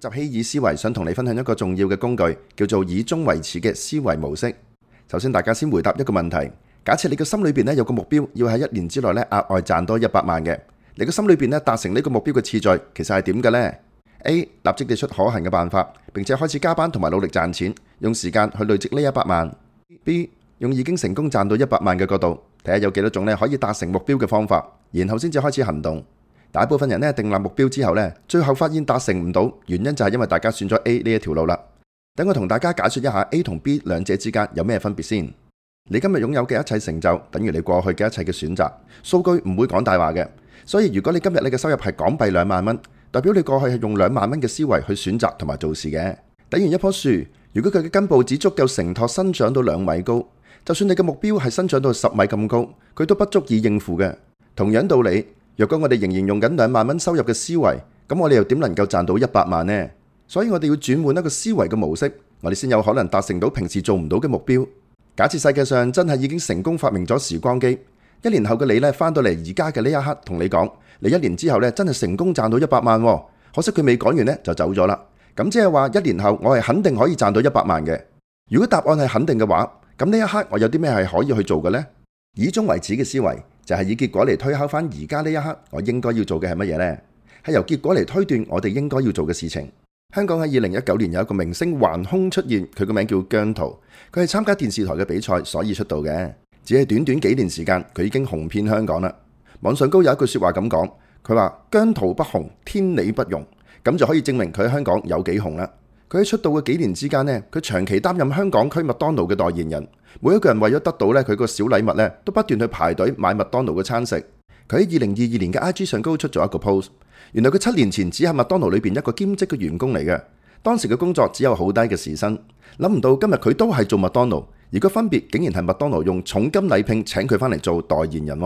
今集希爾思維想同你分享一個重要嘅工具，叫做以終為始嘅思維模式。首先，大家先回答一個問題：假設你嘅心裏邊咧有個目標，要喺一年之內咧額外賺多一百萬嘅，你嘅心裏邊咧達成呢個目標嘅次序，其實係點嘅呢？A，立即列出可行嘅辦法，並且開始加班同埋努力賺錢，用時間去累積呢一百萬。B，用已經成功賺到一百萬嘅角度，睇下有幾多種咧可以達成目標嘅方法，然後先至開始行動。大部分人咧定立目標之後咧，最後發現達成唔到，原因就係因為大家選咗 A 呢一條路啦。等我同大家解說一下 A 同 B 兩者之間有咩分別先。你今日擁有嘅一切成就，等於你過去嘅一切嘅選擇。數據唔會講大話嘅，所以如果你今日你嘅收入係港幣兩萬蚊，代表你過去係用兩萬蚊嘅思維去選擇同埋做事嘅。等如一棵樹，如果佢嘅根部只足夠承托生長到兩米高，就算你嘅目標係生長到十米咁高，佢都不足以應付嘅。同樣道理。若果我哋仍然用緊兩萬蚊收入嘅思維，咁我哋又點能夠賺到一百萬呢？所以我哋要轉換一個思維嘅模式，我哋先有可能達成到平時做唔到嘅目標。假設世界上真係已經成功發明咗時光機，一年後嘅你呢，翻到嚟而家嘅呢一刻，同你講，你一年之後呢真係成功賺到一百萬，可惜佢未講完呢就走咗啦。咁即係話，一年後我係肯定可以賺到一百萬嘅。如果答案係肯定嘅話，咁呢一刻我有啲咩係可以去做嘅呢？以終為始嘅思維。就係以結果嚟推敲翻而家呢一刻，我應該要做嘅係乜嘢呢？係由結果嚟推斷我哋應該要做嘅事情。香港喺二零一九年有一個明星橫空出現，佢個名叫姜濤，佢係參加電視台嘅比賽所以出道嘅。只係短短幾年時間，佢已經紅遍香港啦。網上高有一句説話咁講，佢話姜濤不紅，天理不容，咁就可以證明佢喺香港有幾紅啦。佢喺出道嘅幾年之間呢，佢長期擔任香港區麥當勞嘅代言人。每一個人為咗得到咧佢個小禮物咧，都不斷去排隊買麥當勞嘅餐食。佢喺二零二二年嘅 IG 上高出咗一個 post，原來佢七年前只係麥當勞裏邊一個兼職嘅員工嚟嘅，當時嘅工作只有好低嘅時薪。諗唔到今日佢都係做麥當勞，而個分別竟然係麥當勞用重金禮聘請佢翻嚟做代言人。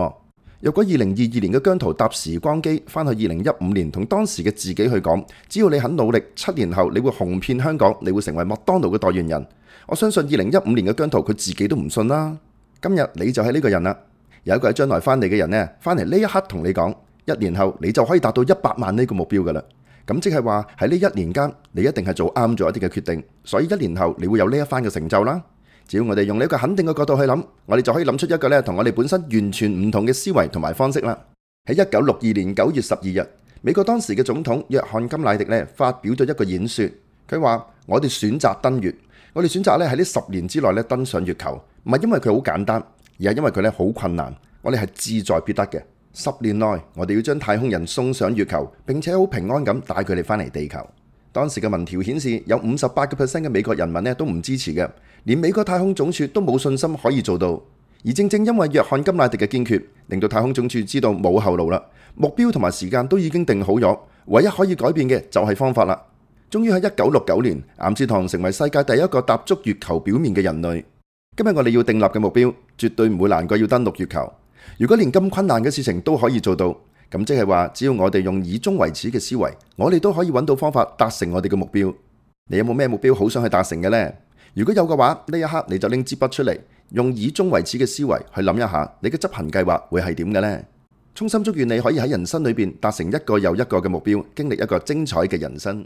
若果二零二二年嘅姜濤搭時光機翻去二零一五年，同當時嘅自己去講，只要你肯努力，七年後你會紅遍香港，你會成為麥當勞嘅代言人。我相信二零一五年嘅姜濤佢自己都唔信啦。今日你就係呢個人啦，有一個喺將來翻嚟嘅人呢，翻嚟呢一刻同你講，一年後你就可以達到一百萬呢個目標噶啦。咁即係話喺呢一年間，你一定係做啱咗一啲嘅決定，所以一年後你會有呢一番嘅成就啦。只要我哋用呢個肯定嘅角度去諗，我哋就可以諗出一個咧同我哋本身完全唔同嘅思維同埋方式啦。喺一九六二年九月十二日，美國當時嘅總統約翰金乃迪咧發表咗一個演說，佢話：我哋選擇登月，我哋選擇咧喺呢十年之內咧登上月球，唔係因為佢好簡單，而係因為佢咧好困難，我哋係志在必得嘅。十年內，我哋要將太空人送上月球，並且好平安咁帶佢哋返嚟地球。當時嘅民調顯示，有五十八個 percent 嘅美國人民咧都唔支持嘅，連美國太空總署都冇信心可以做到。而正正因為約翰甘迺迪嘅堅決，令到太空總署知道冇後路啦，目標同埋時間都已經定好咗，唯一可以改變嘅就係方法啦。終於喺一九六九年，岩士唐成為世界第一個踏足月球表面嘅人類。今日我哋要訂立嘅目標，絕對唔會難過要登陸月球。如果連咁困難嘅事情都可以做到。咁即係話，只要我哋用以終為始嘅思維，我哋都可以揾到方法達成我哋嘅目標。你有冇咩目標好想去達成嘅呢？如果有嘅話，呢一刻你就拎支筆出嚟，用以終為始嘅思維去諗一下，你嘅執行計劃會係點嘅呢？衷心祝願你可以喺人生裏邊達成一個又一個嘅目標，經歷一個精彩嘅人生。